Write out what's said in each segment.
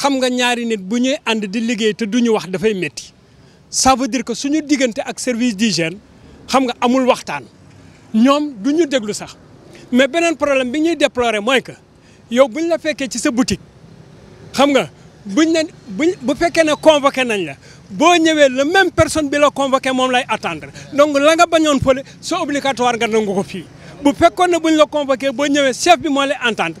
xam nga ñaari nit bu ñuy ànd di liggéey te du ñu wax dafay métti ça veut dire que suñu diggante ak service d'hygiène xam nga amul waxtaan ñoom du ñu déglu sax mais beneen problème bi ñuy déplorer mooy que yow bu ñu la fekkee ci sa boutique xam nga buñ ne buñ bu fekkee ne convoqué nañ la boo ñëwee la même personne bi la convoqué moom lay attendre donc la nga bañoon fële c'est obligatoire nga nangu ko fii bu fekkoon ne ñu la convoqué boo ñëwee chef bi moo lay entendre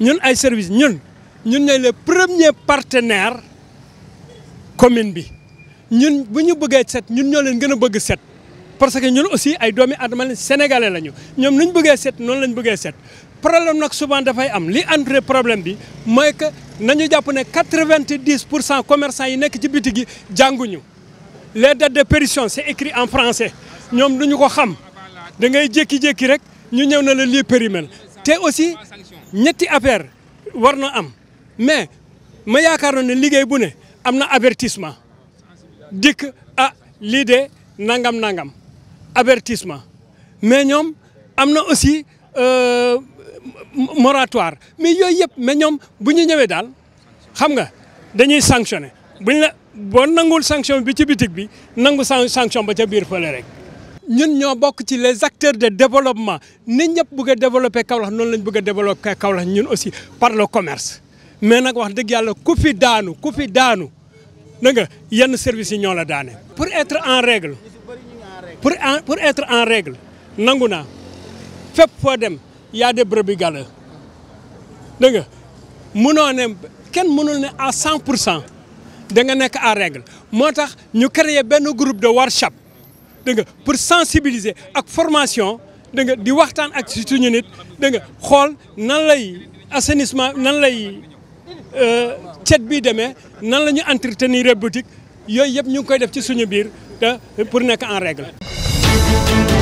Nous sommes service premiers partenaires sommes le premier partenaire commune Nous ñun Nous, parce que nous aussi ay sénégalais Nous sommes les premiers partenaires. set problème est souvent que nañu des commerçants yi sont ci les dates de pérition c'est écrit en français Nous sommes les xam da Nous sommes les rek te aussi ñetti affaire war na am mais ma yaakaaroon ne liggéey bu ne am na avertissement dikk ah lii de nangam nangam avertissement mais ñoom am na aussi euh, moratoire mais yooyu yëpp mais ñoom bu ñu ñëwee daal xam nga dañuy sanctionné buñ la boo nangul sanction bi ci bitig bi nangu sanction ba ca biir fële rek. ñun ñoo bokk ci les acteurs de développement ni ñëpp bëgg développer développé Kaolack noonu lañ bëgg a Kaolack ñun aussi par le commerce mais nag wax dëgg yàlla ku fi daanu ku fi daanu na nga yenn services yi ñoo la daane. pour être en règle pour pour être en règle nangu naa fépp foo dem y a des brebis galeuses dégg nga mënoo ne kenn mënul ne à 100 pour cent da nga en règle moo tax ñu créer benn groupe de workshop dégg nga pour sensibiliser ak formation dégg nga di waxtaan ak suñu nit dégg nga xool nan lay assainissement nan lay euh, cet bi demee nan la entretenir boutique yooyu yëpp ñu ngi koy def ci suñu biir te pour nekk en règle